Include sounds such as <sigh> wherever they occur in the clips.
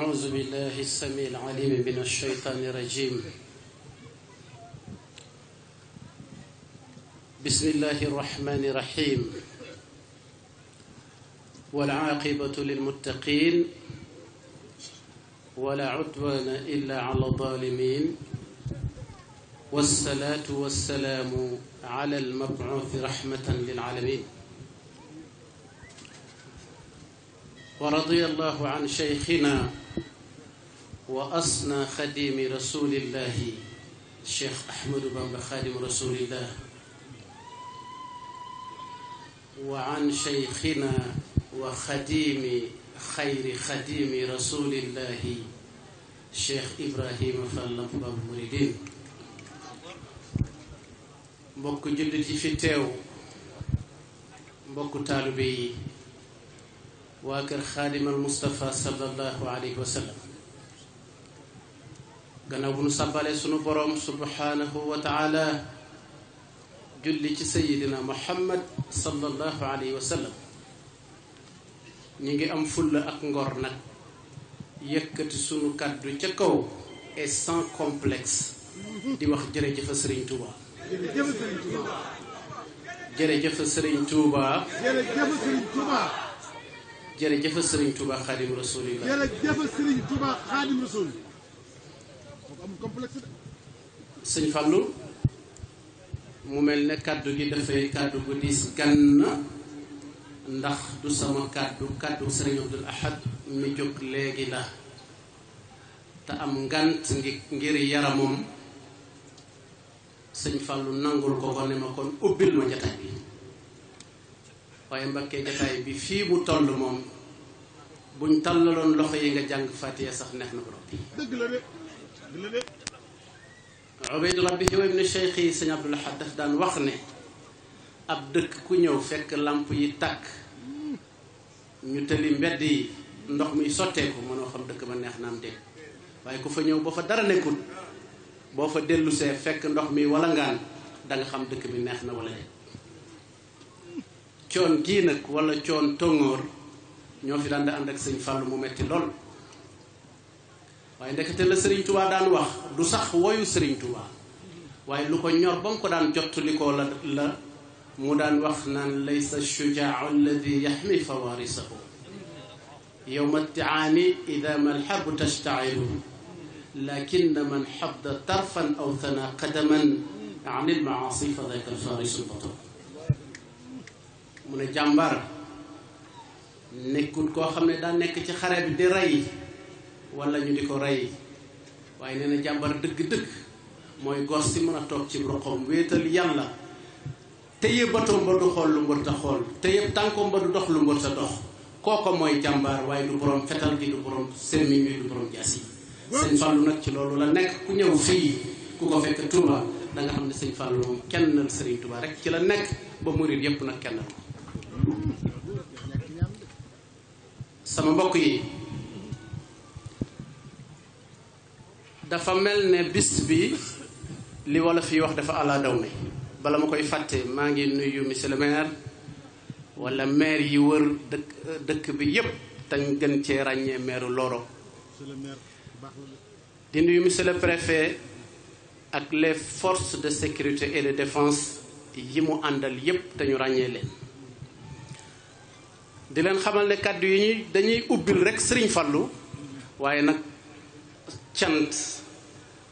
أعوذ بالله السميع العليم من الشيطان الرجيم بسم الله الرحمن الرحيم والعاقبة للمتقين ولا عدوان إلا على الظالمين والصلاة والسلام على المبعوث رحمة للعالمين ورضي الله عن شيخنا wa asna xadimi rasulillahi cheikh ahmadou bamba xadim rasulillah wa an cheikhina wa xadimi xayri xadimi rasulillahi cheikh ibrahima fall lamp babu muridin mbokk jullit yi fi teew mbokk taalibe yi waa kër xaadimal mustapha sallallahu alayhi wa sallam gannaaw bu nu sàbbalee sunu boroom subhaanahu wa julli ci sayidina muhammad sallallahu alayhi wa sallam ngi am fulla ak ngor nag yëkkati sunu kàddu ca kaw et sans complexe di wax jërëjëfa sëriñ Touba jërëjëfa sëriñ Touba jërëjëfa sëriñ Touba xaadim rasulillah sëñ Fallou mu mel ni kàddu gi dafay kàddu gu diis gan na ndax du sama kàddu kàddu sëriñ Abdul Ahad mi jóg léegi la te am ngant ngi ngir yaramam sëñ Fallou nangul ko ko ne ma kon ubbil ma jataay bi waaye mbakkee jataay bi fii mu toll moom buñ tàllaloon loxo yi nga jàng fatiha sax neex na ko dëgg Ubaydullah bi xew ibn Cheikh yi sëñ Abdul ne ab dëkk ku ñëw fekk làmp yi tàkk ñu tëli mbedd yi ndox mi sotteeku mënoo dëkk ba neex na am waaye ku fa ñëw ba fa dara nekkul boo fa dellusee fekk ndox mi wala ngaan danga xam dëkk bi neex na wala déet coon gii nag wala coon tongoor ñoo fi daan da ànd ak sëñ Fàllu mu metti lool waaye ndekete la Serigne Touba daan wax du sax woyu Serigne Touba waaye lu ko ñor ba mu ko daan jot li ko la mu daan wax naan laysa shujaau alladi yaxmi fawarisahu yowma tiaani ida malxabu tashtailu lakin man xabda tarfan aw thana qadaman an ilmaasi fa dayka alfarisu lbato mu ne jàmbar nekkul koo xam ne daa nekk ci xare bi di wala ñu di ko rey waaye nee na jàmbar dëgg-dëgg mooy gor si mën a toog ci roqom wéetal yàlla téye batoom ba du xool lu mbër ta xool téye tànkoom ba du dox lu mbër ta dox kooko mooy jàmbar waaye du borom fetal gi du borom semmiñ wi du borom jaas yi sëñ Fallou nag ci loolu la nekk ku ñëw fii ku ko fekk Touba da xam ne sëñ Fallou moom kennal Serigne Touba rek ci la nekk ba murid yépp nag kennal ko sama mbokk yi dafa mel ne bis bi li wala fii wax dafa ala daw mi bala ma koy fàtte maa ngi nuyu monsieur le maire wala maire yi wër dëkk dëkk bi yépp tañ gën ci ràññee maire Loro di nuyu monsieur le préfet ak les force de sécurité et de défense yi mu àndal yépp te ñu ràññee leen di leen xamal ne kàddu yi dañuy ubbil rek Serigne Fallou waaye nag cant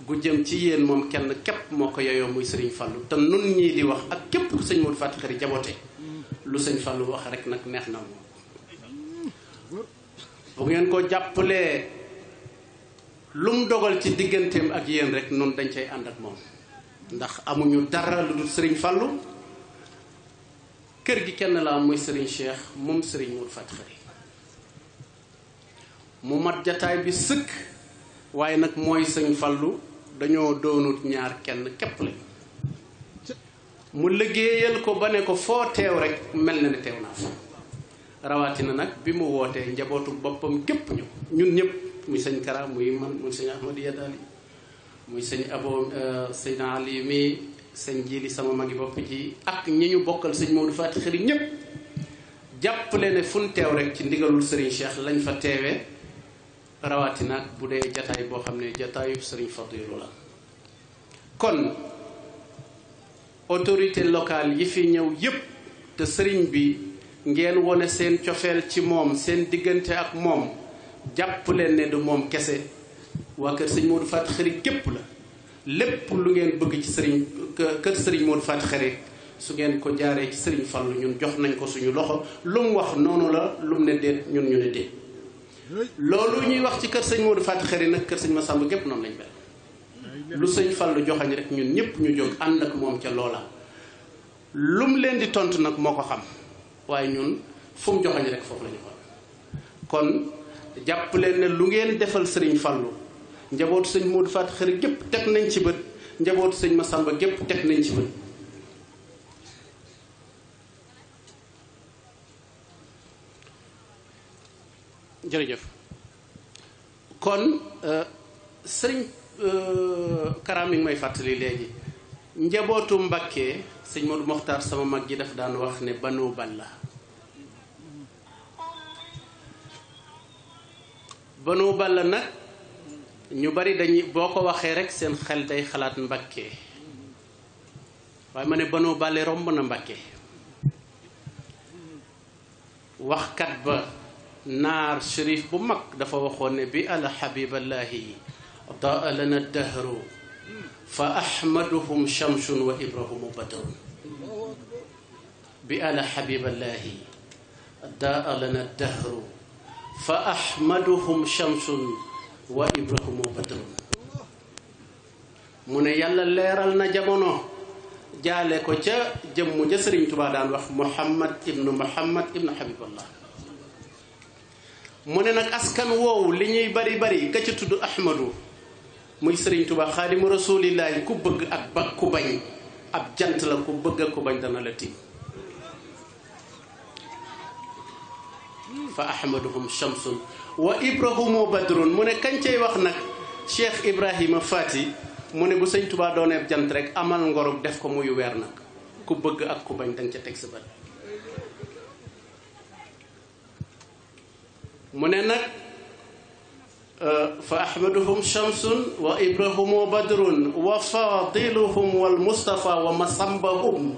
gu jëm ci yéen moom kenn képp moo ko yeyoo muy sëriñ Fallou te nun ñii di wax ak képp sëñ Modou Faty Khary jaboote lu sëñ Fallou wax rek nag neex na moom bu ngeen ko jàppalee lu mu dogal ci digganteem ak yéen rek nun dañ cay ànd ak moom ndax amuñu dara lu dul sëriñ Fallou kër gi kenn la muy sëriñ Cheikh moom sëriñ Modou Faty Khary mu mat jataay bi sëkk waaye nag mooy sëñ fallu dañoo doonut ñaar kenn képp lañ mu liggéeyal ko ba ne ko foo teew rek mel na ne teew naa fa rawatina nag bi mu wootee njabootu boppam képp ñëw ñun ñëpp muy sëñ Kara muy man muy sëñ Ahmad Yadali muy sëñ Abo euh, sëñ Ali mi sëñ Jili sama magi bopp ji ak ñi ñu bokkal sëñ Maodo Fatick xëri ñëpp jàppale ne fu teew rek ci ndigalul Serigne Cheikh lañ fa teewee. rawatina nag bu dee jataay boo xam ne jataayu sëriñ Fadilu la kon autorité locale yi fi ñëw yépp te sëriñ bi ngeen wone seen cofeel ci moom seen diggante ak moom jàpp leen ne moom kese waa kër sëriñ Modou Faty Khary gépp la lépp lu ngeen bëgg ci sëriñ kër sëriñ Modou Faty Khary su ngeen ko jaaree ci sëriñ Fallu ñun jox nañ ko suñu loxo lu wax noonu la lu mu ne déet ñun ñu ne déet loolu ñuy wax ci kër sëñ Modou Faty Khary nag kër sëñ Massamba gépp noonu lañ mel lu sëñ Fallu joxañ rek ñun ñëpp ñu jóg ànd ak moom ca loola lum leen di tontu nag moo ko xam waaye ñun fu mu joxañ foofu la ñu xool kon jàpp leen ne lu ngeen defal sëriñ Fallu njabootu sëñ Modou Faty Khary gépp teg nañ ci bët njabootu sëñ Massamba gépp teg nañ ci bët jërëjëf kon euh, sëriñ euh, Karaam mi ngi may fàttali léegi njabootu Mbàkke sëñ Modou Mokhtar sama mag ji daf daan wax ne Banu la Banu ball nag ñu bari dañuy boo ko waxee rek seen xel day xalaat Mbàkke waaye ma ne Banu Balla romb na Mbàkke waxkat ba naar shérif bu mag dafa waxoon ne bi ala xabiballahi daa lana dahru fa ahmaduhum shamsun wa ibrahimu badarun bi ala xabiballahi daa lana dahru fa ahmaduhum shamsun wa ibrahimu badarun mu ne yàlla leeral na jamono jaale ko ca jëmm ja sëriñ Tubaa daan wax Muhammad ibnu Muhammad ibnu Habiballah mu ne nag askan woowu li ñuy bari bari ka ca tudd ahmadu muy sëriñ Tuubaa xaadimu rasuulillaahi ku bëgg ak ba ku bañ ab jant la ku bëgg ak ku bañ dana la tiim fa ahmaduhum shamsun wa ibrahimu mu ne kañ cay wax nag cheikh ibrahima faati mu ne bu sëñ Tuubaa dooneeb jant rek amal ngorog def ko muy weer nag ku bëgg ak ku bañ danga ca teg sa bët mu ne nag euh, fa ahmaduhum shamsun wa ibrahumu badrun wa fadiluhum wal mustafa wa masambahum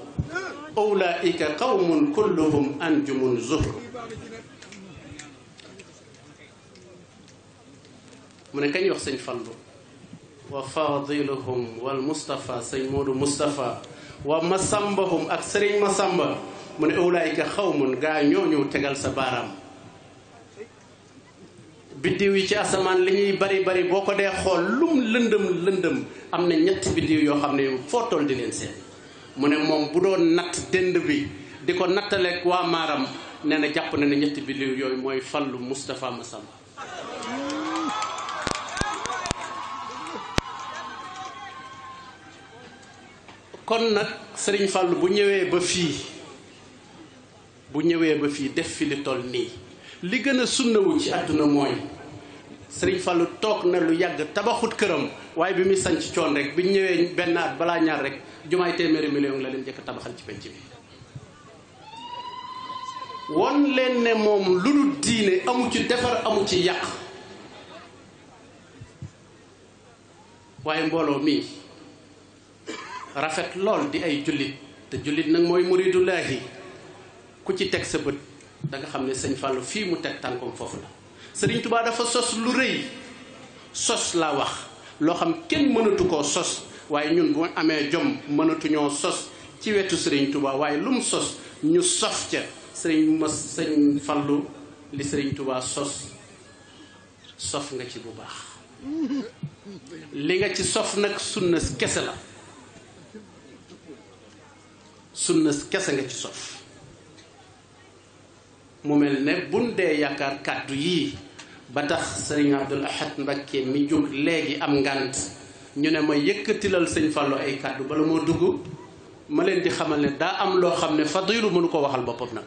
awlaika qawmun kulluhum anjumun zuhru mu ne kañ wax sëñ Fallu wa fadiluhum wal mustafa sëñ Moodu Mustafa wa masambahum ak sëriñ Masamba mu ne awlaika xawmun gaa ñoo ñëw tegal sa baaraam biddiw yi ci asamaan li ñuy bari bari boo ko dee xool lum lëndëm lëndëm am na ñetti biddiw yoo xam ne foo toll di leen seen mu ne moom bu doon natt dënd bi di ko nattaleeg waa maaram nee na jàpp na ne ñetti biddiw yooyu mooy fallu Moustapha Massamba kon nag sëriñ Fallu bu ñëwee ba fii bu ñëwee ba fii def fi li toll nii li gën a sunnawu ci àdduna mooy sëriñ Fallou toog na lu yàgg tabaxut këram waaye bi muy sanc coon rek bi ñëwee benn at balaa ñaar rek jumaay téeméeri million la leen jëkk tabaxal ci penc bi won leen ne moom lu dul diine amu ci defar amu ci yàq waaye mbooloo mii rafet lool di ay jullit te jullit nag mooy muridullaahi ku ci teg sa bët danga xam ne sëñ Fallou fii mu teg tànkoom foofu la sëriñ tubaa dafa sos lu rëy sos laa wax loo xam kenn mënatu koo sos waaye ñun bu amee jom mënatuñoo sos ci wetu sëriñ tubaa waaye lu mu sos ñu sof ca sëriñ ma sëñ Fallou li sëriñ Touba sos sof nga ci bu baax li nga ci sof nag sunna kese la sunna kese nga ci sof mu mel ne buñ dee yaakaar kàddu yii ba tax sëriñ Abdul Ahad Mbakke mi jóg léegi am ngànt ñu ne ma yëkkatilal sëñ Fallou ay kàddu bala moo dugg ma leen di xamal ne daa am loo xam ne fa Fadilu mënu ko waxal boppam nag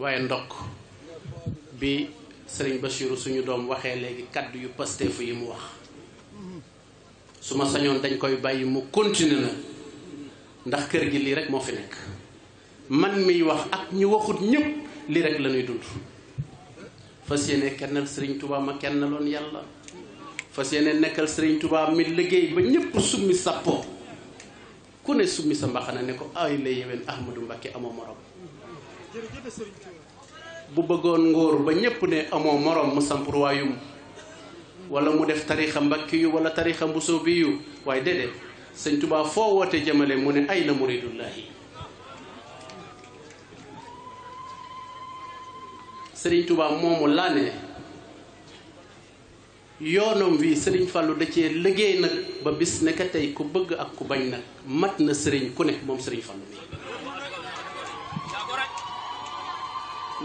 waaye ndokk bi sëriñ Bachirou suñu doom waxee léegi kàddu yu Pastef yi mu wax su ma sañoon dañ koy bàyyi mu continuer ndax kër gi lii rek moo fi nekk man miy wax ak ñi waxut ñépp li rek la ñuy dund fas yéene kennal sëriñ Touba ma kenn loon yàlla fas yéene nekkal sëriñ tubaab mi liggéey ba ñëpp summi sapo ku ne summi sa mbaxana ne ko ay la yeween Ahmadou Mbacké amoo morom bu bëggoon ngóor ba ñépp ne amoo morom mu samp ruwaayum wala mu def tarixa mbakki yu wala tarixa mbusoo bi yu waaye de déedéet sëñ Touba foo woote jëmale mu ne ay la muridullahi sëriñ Touba moomu laa ne yoonam wi sëriñ Fallou da cee liggéey nag ba bis ne tey ku bëgg ak ku bañ nag mat na sëriñ ku ne moom sëriñ Fallou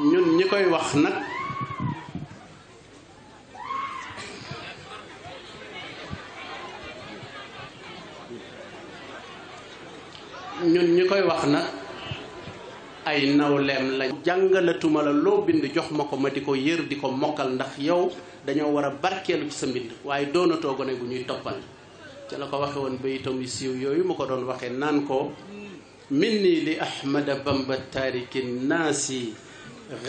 ñun ñi koy wax nag ñun ñi koy wax nag ay nawleem lañ jàngalatuma la loo bind jox ma ko ma di ko yër di ko mokkal ndax yow dañoo war a barkeelu ci sa mbind waaye doonatoo gone gu ñuy toppal ca la ko waxe woon bayitam yu siiw yooyu mu ko doon waxee naan ko minni li ahmada bamba taariki naasi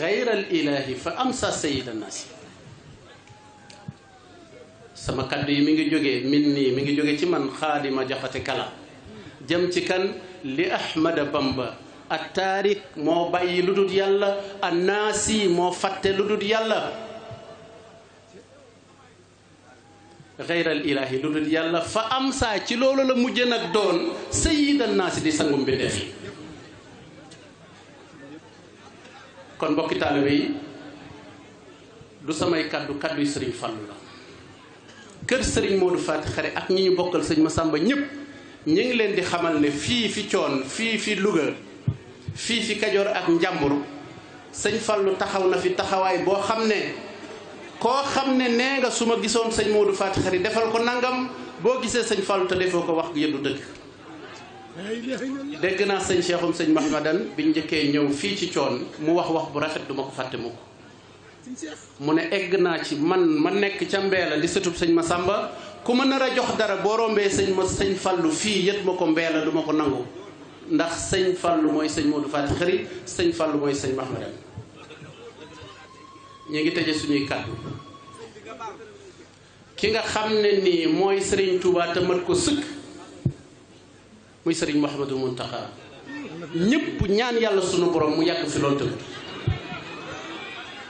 gayra al ilahi fa amsa sayida naasi sama kaddu yi mi ngi jóge min nii mi ngi jóge ci man xaadima jaxate kala jëm ci kan li ahmada bamba at taarik moo bàyyi lu dul yàlla an naasi moo fàtte lu dul yàlla xeyral ilaahi lu dul yàlla fa am saa ci loolu la mujj nag doon sayyidan naasi di sangum bi def kon mbokki taalibe yi du samay kaddu kaddu yi sëriñ Fallu la kër sëriñ Modou Faty Khary ak ñi ñu bokkal sëñ ma sàmba ñépp ñu ngi leen di xamal ne fii fi coon fii fi Louga fii fi Kajoor ak Njàmbur sëñ Fallu taxaw na fi taxawaay boo xam ne koo xam ne nee nga su ma gisoon sëñ Modou Faty Khary defal ko nangam boo gisee sëñ Fallu te defoo ko wax yëddu dëgg dégg naa sëñ Cheikhum sëñ Mahmadan bi njëkkee ñëw fii ci coon mu wax wax bu rafet duma ko fàtte mukk mu ne egg naa ci man ma nekk ca mbeela di sëtub sëñ sàmba ku ma nar a jox dara boo rombee sañ ma sëñ Fallu fii yët ma ko mbeela duma ko nangu ndax sëñ fàll mooy sëñ Modou Fall xëri sëñ fàll mooy sëñ Mahmadane ñu ngi tëje suñuy kàddu ki nga xam ne nii mooy sëriñ Touba te mat ko sëkk muy sëriñ Mouhamadou Mountakha ñépp ñaan yàlla sunu borom mu yàgg fi loolu tamit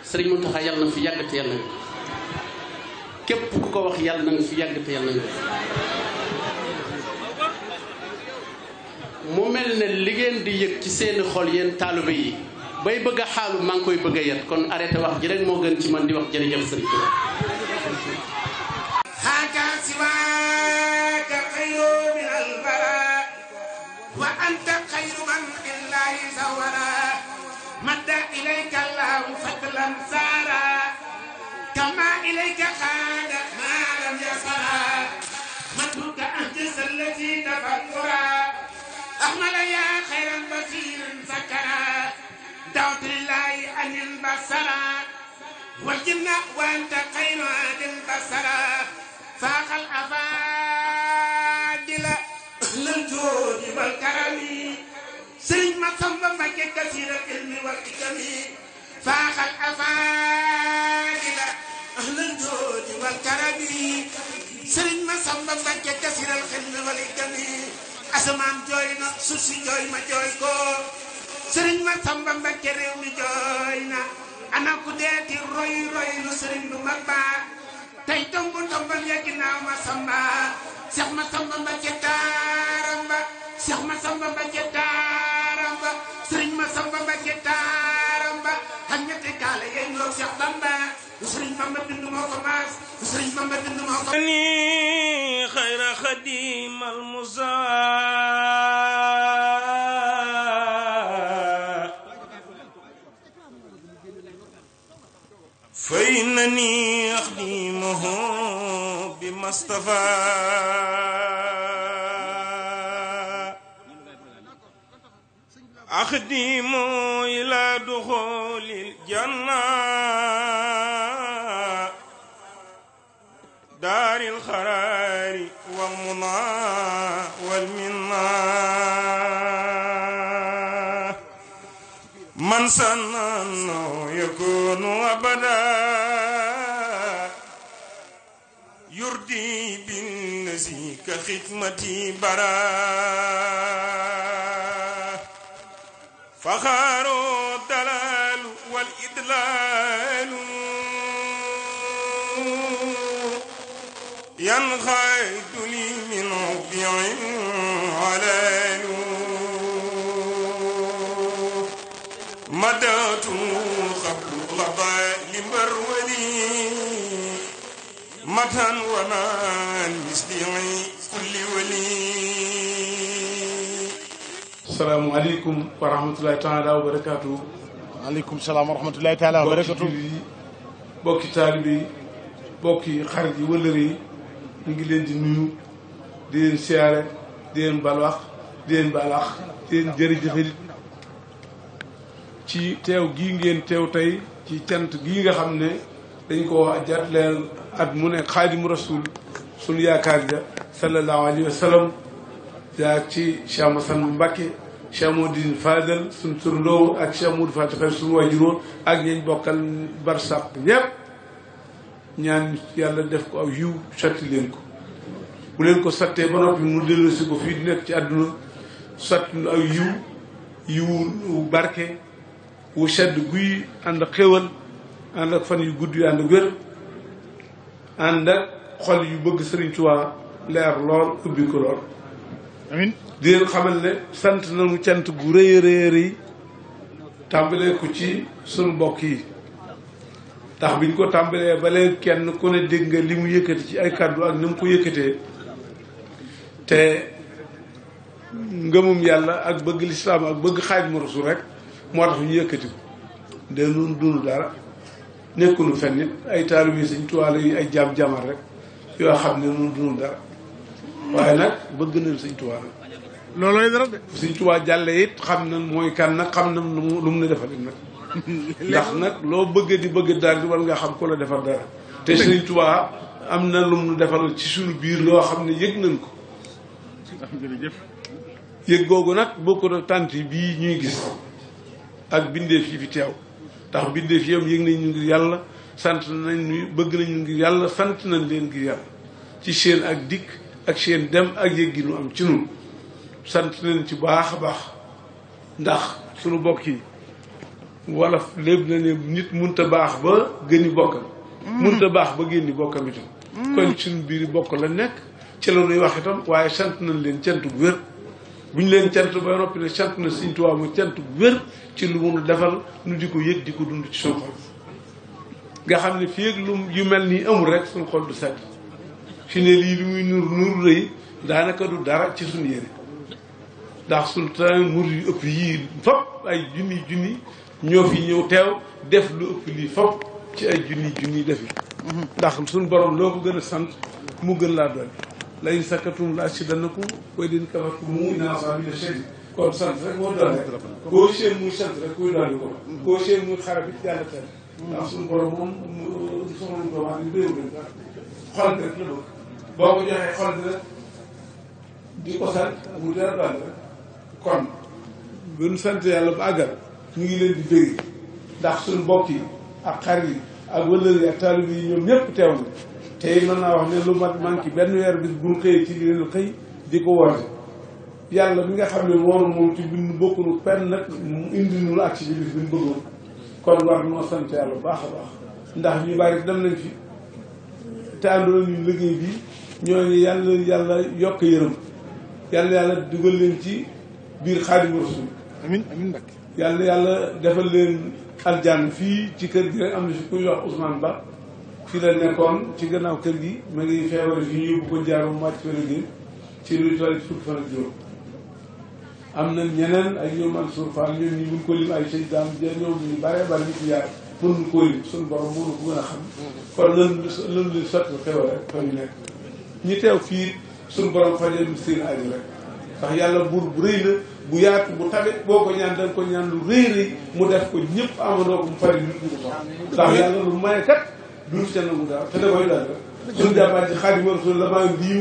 sëriñ Mountakha yàlla na fi yàgg te yàlla na képp ku ko wax yàlla na nga fi yàgg te yàlla na nga mu mel ne li di yëg ci seeni xol yéen taalibe yi bay bëgg a xaalu maa ngi koy bëgg a yet kon arrêté wax ji rek moo gën ci man di wax jërëjëf sëriñ Tuubaa haaka siwaaka xayru min albara wa anta xayru man illahi sawara madda ilayka allahu fadlan saara kama ilayka xaada ma lam yasara madduka ahjasa allati tafakkura أحمد يا خير بصير سكرا دعوت الله أن البصرا والجنة وأنت خير هاد البصرا فاق الأفادل للجود والكرم سلم صنب مكة كثير العلم والحكم فاق الأفادل للجود والكرم سلم صنب مكة كثير الخل والحكم asamaan jooy na suuf si jooy ma jooy ko sëriñ ma Samba Mbakke réew mi jooy na ana ku deeti roy roy lu sëriñ lu mag ba tey tomb tombal ya ginnaaw ma Samba Seex ma Samba Mbakke taaram ma Samba Mbakke taaram ba sëriñ ma Samba Mbakke taaram ba xam ñetti kaala yey ñoo Seex Bamba sëriñ Bamba bind moo ko maas sëriñ Bamba bind moo ko ni xayra xadim al musa fa innani axdimuhu bi mustafa أخدم إلى دخول الجنة دار الخرار والمنى والمنى من سن أنه يكون أبدا يردي بالنسي كختمتي برا فخار الدلال والإدلال ينغاد لي من ربيع على نور مدات قبل غضاء لمرولي مدها ومان مثلي كل ولي السلام عليكم ورحمة الله تعالى وبركاته عليكم السلام ورحمة الله تعالى وبركاته بوكي تالبي بوكي خارجي ولري ñu ngi leen di nuyu di leen siyaare di leen balwax di leen balax di leen jërëjëfal ci teew gii ngeen teew tey ci cant gii nga xam ne dañ ko jagleel at mu ne xaadimu rasul sunu yaakaar ja sallallahu alayhi wa sallam yaa ci Cheikh Massane Mbacke Cheikh Modou Fadel sunu turndoo ak Cheikh Modou Fatick sunu wajuróon ak ñeñ bokkal barsàq ñëpp ñaan yàlla def ko aw yiw satti leen ko bu leen ko sattee ba noppi mu dellu ko fii di nekk ci àdduna satt nu aw yiw yiwu barke wu sedd guy ànd ak xéwal ànd ak fan yu gudd yu ànd ak ànd ak xol yu bëgg Sëriñ Tuubaa leer lool ubbi ko lool amin xamal ne sant nañu cant gu rëy a rëy tàmbalee ko ci sunu mbokk yi ndax biñ ko tàmbalee ba léegi kenn ku ne dégg nga li mu yëkkati ci ay kàddu ak ni mu ko yëkkatee te nga ngëmum yàlla ak bëgg lislaam ak bëgg Xaadimu Rasuul rek moo tax ñu yëkkati ko de nun dunu dara nekkunu fenn nit ay taalibe yi Sëñ Tuubaa yi ay jaam jaamal rek yoo xam ne nun dunu dara waaye nag bëgg nañ Sëñ Tuubaa nag loolooy dara de Sëñ Tuubaa jàlle it xam na mooy kan nag xam na lu mu lu mu ne defal nag <laughs> ndax nag loo bëgg di bëgg daal bi war nga xam ko la defal dara te Sëriñ Tuubaa am na lu mu defal ci suñu biir loo xam ne yëg nañ ko yëg googu nag bokkut ak tànt bii ñuy gis ak bindeef yi fi teew ndax bindeef yam yëg nañ ñu ngir yàlla sant nañ bëgg nañ ñu ngir yàlla sant nañ leen ngir yàlla ci seen ak dikk ak seen dem ak yëg gi nu am ci nun sant nañ ci baax a baax ndax suñu bokk yi wala léeb na ne nit munta baax ba gëni bokkam mm. munta baax ba génni bokkam itam mm. kon suñu biir bokk la nekk ci la ñuy wax itam waaye sant nañ leen cant bu wér bu ñu leen cant ba noppi ne sant na Sëñ Tuubaa mu cant bu wér ci lu mu defal nu di ko yëg di ko dund ci suñu xol nga xam ne fi ak lu yu mel nii amul rek suñ xol du set fi ne lii li muy nur nur rëy daanaka du dara ci suñu yére ndax sultaan mur yu ëpp yii fop ay junni junni ñoo fi ñëw teew def lu ëpp lii fop ci ay junni junni defi ndax suñu borom loo ko gën a sant mu gën laa doon la in sakkatum la azidannakum wa in kafartum mu inna azabi lashadid sant rek seen muy sant rek kuy doon ko koo seen muy xara bi jàll teel ndax suñu borom moom soxla la bëgg di ko sant mu dara doon kon bu ñu sant yàlla ba àggal ñu ngi leen di bëgg ndax suñu mbokk yi ak xar yi ak wëllër yi ak taalib yi ñoom ñëpp teew na tey mën naa wax ne lu mat manqué benn weer bis bu xëyee ci li leen xëy di ko woote yàlla mi nga xam ne moom moom ci bind bokkunu pen nag mu indi ñu ak ci bis bi ñu bëggoon kon war noo sant yàlla baax a baax ndax ñu bari dem nañ fi te àndoon ñu liggéey bi ñooñu yàlla yàlla yokk yërëm yàlla yàlla dugal leen ci biir Xaadimu Rasuul amiin yàlla yàlla defal leen aljaan fii ci kër gi rek am na si kuy wax Ousmane Ba fii la nekkoon ci gannaaw kër gi ma ngi feebar fi ñu yóbbu ko jaaru mu wàcc fële gi ci luy toll fukki fan am na ñeneen ay ñoom Mansour Fall ñoom ñi mun ko lim ay sëñ daam ja ñoom ñu bare bare ñu ci yaar mënuñu koo lim suñu borom mënu ko gën a xam kon lan lan lu sotti xew rek fa ñu nekk ñi teew fii suñu borom fajal seen aju rek ndax yàlla buur bu rëy la bu yaatu bu tabe boo ko ñaan danga ko ñaan lu rëy rëy mu def ko ñëpp amandoo ko mu pare nit ñi ko ndax yàlla lu maye kat duñ ca nangu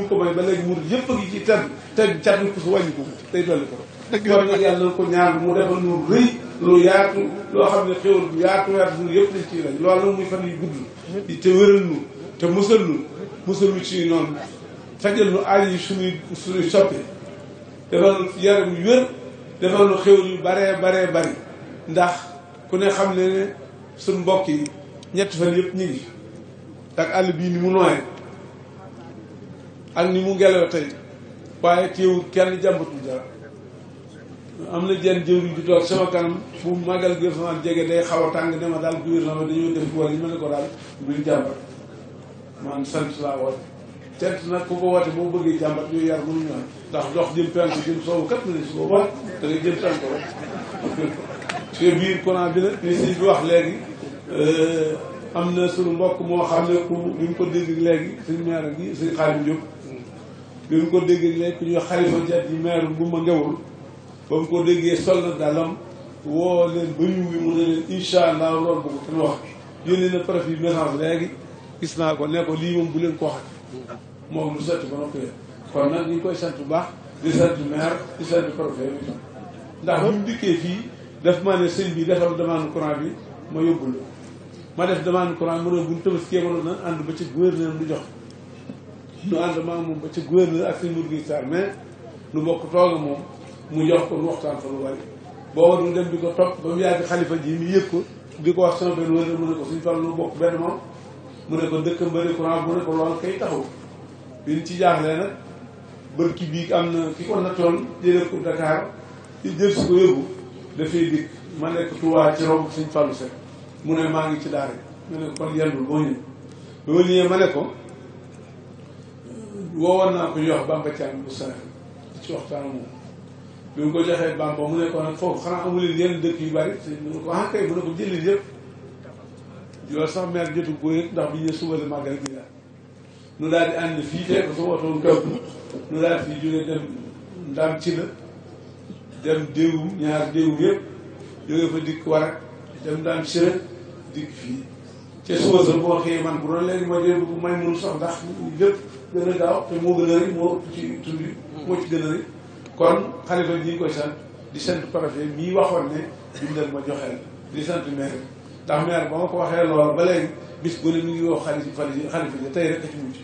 ko may ba léegi yëpp a ngi ci te catni ko su ko day dolli ko ko ñaan mu defal lu rëy lu yaatu loo xam ne xéwal bu yaatu yëpp lañ ciy lañ loolu nag muy fan yu gudd te wéral nu te musal ci noonu fajal nu aaj yi suñuy suñuy soppe defal yaram yu wér defal lu xéwal yu baree bare bari ndax ku ne xam ne ne suñ mbokk yi ñetti fan yëpp ñu ngi ak àll bii ni mu nooyee ak ni mu ngelaw tey waaye teewul kenn jàmbatul dara am na jenn jëwriñ di toog sama kanam fu magal gouvernement jege day xaw a tàng ne ma daal gouvernement dañoo def war yi ma ne ko daal buy jàmbat man sant laa war tent nag ku ko woote boo bëggee jàmbat ñuy yar mënuñu am ndax dox jëm penku jëm soowu kat minutes booba da ngay jëm penku rek te biir bi nag wax léegi euh, am na sunu mbokk moo xam ne ku bi ko dégg léegi suñu maire bi ko dégg léegi ku xalifa jat yi maire bu ma ngewul ba mu ko déggee sol na dalam woo leen ba ñu wi mu ne leen incha allah loolu bu ko kenn wax yónnee na préfet message léegi gis naa ko ne ko lii moom bu leen ko waxati moom lu sotti ba noppi kon nag ñu ngi koy sant bu baax di sant maire di sant préfet bi ndax bu mu dikkee fii daf ma ne sëñ bi defal demande courant bi ma yóbbul la ma def demande courant mu ne bu ñu tabaskee ba ci gouverneur du jox nu moom ba ci gouverneur ak sëñ Mourgui Sarr mais nu bokk tooga moom mu jox ko nu waxtaan fa lu bari booba du dem di ko topp ba mu yàgg xalifa ji mi yëg ko di ko wax sama benn wër mën ne ko suñ fal nu bokk benn moom mu ne ko dëkk mbëri courant mu ne ko lool kay taxaw bi ñu ci jaaxlee nag bërki bii am na ki ko nattoon jëlee ko Dakar ci ma nekk Tuubaa ci romb mu ne maa ci daara ma ne ma ne ko woowoon naa ko ñu wax Bamba Thiam bu Sare ci waxtaan moom bi ah, kay mu ne ko jëlil yëpp yoo sax meer jotu ko yëg ndax bi ñu suba la màggal gi la nu daal di ànd fii tey ko su watoon kaw nu daal fii jógee dem ndam ci la dem déewum ñaar déewum yëpp jógee fa dikk war dem ndam ci dikk fii te suba sa boo xëyee man bu doon léegi ma jël bu may mun sax ndax lépp gën a gaaw te moo gën a rëy moo ci tudd moo ci gën a rëy kon xalifa ñi koy sant di sant préfet mii waxoon ne dundal ma joxeel di sant maire ndax maire ba ma ko waxee loolu ba léegi bis bu ne mi ngi woo xalifa xalifa ji tey rek a ci mujj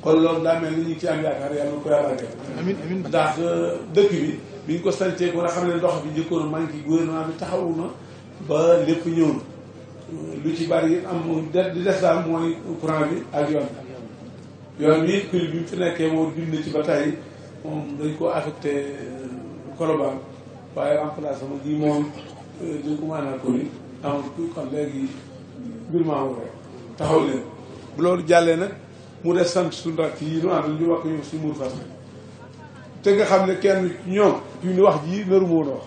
kon loolu daa mel ni ñu ngi ci am yaakaar yàlla na ko euh, dëkk bi bi ko santee ko nga xam ne ndox bi njëkkoon manqué bi taxawu na ba lépp ñëw na euh, lu ci bari am di des bi ak yoon bi yoon bi prix bi mu fi nekkee moom dund ci ba tey moom dañ ko affecté euh, Colobane waaye remplacement gi moom duñ ko maanaam ko ni am kon léegi mbir maa ngi taxaw leen bu loolu jàllee nag mu des sant suñu rakk yi ñu àndal ñu wax nga xam ne kenn ñoom yu ni wax ji naru moo na wax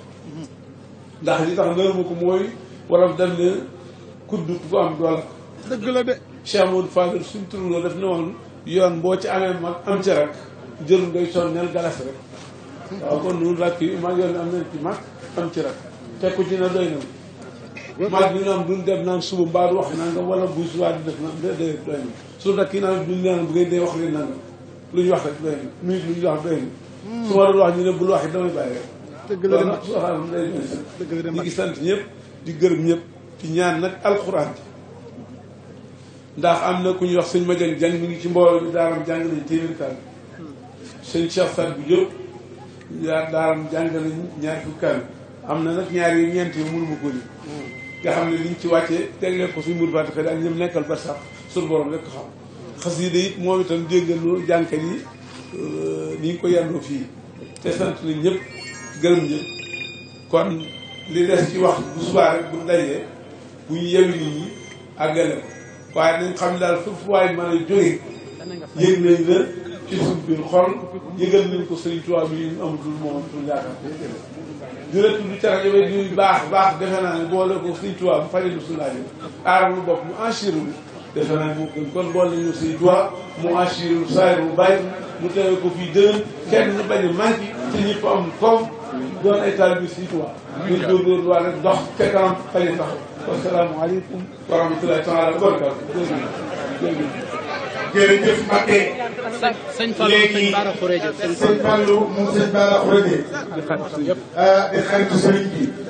ndax li tax naru ko mooy wolof dem ne kudd ku am doole dëgg la de Cheikh Modou suñ turuloo def ne woon yoon boo ci amee mag am ci rek jërul ngay son nel galas rek waaw kon nun rakk yi mag yoon am nañ ci mag am ci rek te ku ci na doy na maag ñu naan duñ def naan suba mbaa wax nangam wala bu suba di def naan déedéet doy na surtout nag kii naan duñ naan bu ngeen dee wax leen nangam lu ñu wax rek doy na minute lu ñu wax doy na hmm. su ma doon wax ñu ne bul wax it damay bàyyi rek dëgg la de ñu ngi sant ñëpp di gërëm ñëpp di ñaan nag alxuraan ji ndax am na ku ñuy wax sëñ ma jang jàng mi ngi ci mbooloo bi daaram jàng nañ téeméer kaamil sëñ Cheikh Sall bu jóg daaram jàng nañ ñaar fukki kaamil am na nag ñaar yi ñeent yi mënu ma ko nga xam ne liñ ci wàccee teg leen ko fi Mourou Fatick daal ñoom nekkal ba sax suñu borom rek ko xam xasida it moom itam dégg nga loolu jànkat yi euh, ni ñu ko yàndoo fii te sant nañ ñëpp gërëm ñëpp kon li des ci wax bu subaa rek bu dajee bu ñu yewi nit ñi àggale ko waaye nañ xam daal foofu waay mën a jóge yëg nañ la ci suñ biir xol yëgal nañ ko sëriñ Tuubaa bi ñu amatul moom amatul yaakaar di la tudd carax yooyu di baax baax defe naa ne boole ko sëriñ Tuubaa mu fajee lu su laaj aaral lu mu enchir lu defe naa moo gën kon boole nañu sëriñ Tuubaa mu enchir lu saay mu bàyyi mu teewee ko fii dënën kenn ñu bañ a manqué te ñëpp am koom doon ay taal bi sëriñ Tuubaa ñu góorgóorlu waa rek dox ca kanam fañ a taxaw wasalaamaaleykum wa rahmatullahi taala wa barakatu jërëjëf Mbacke. sëñ Fallou sëñ Bara Khourédia. sëñ Fallou moom sëñ Bara Khourédia. Euh, di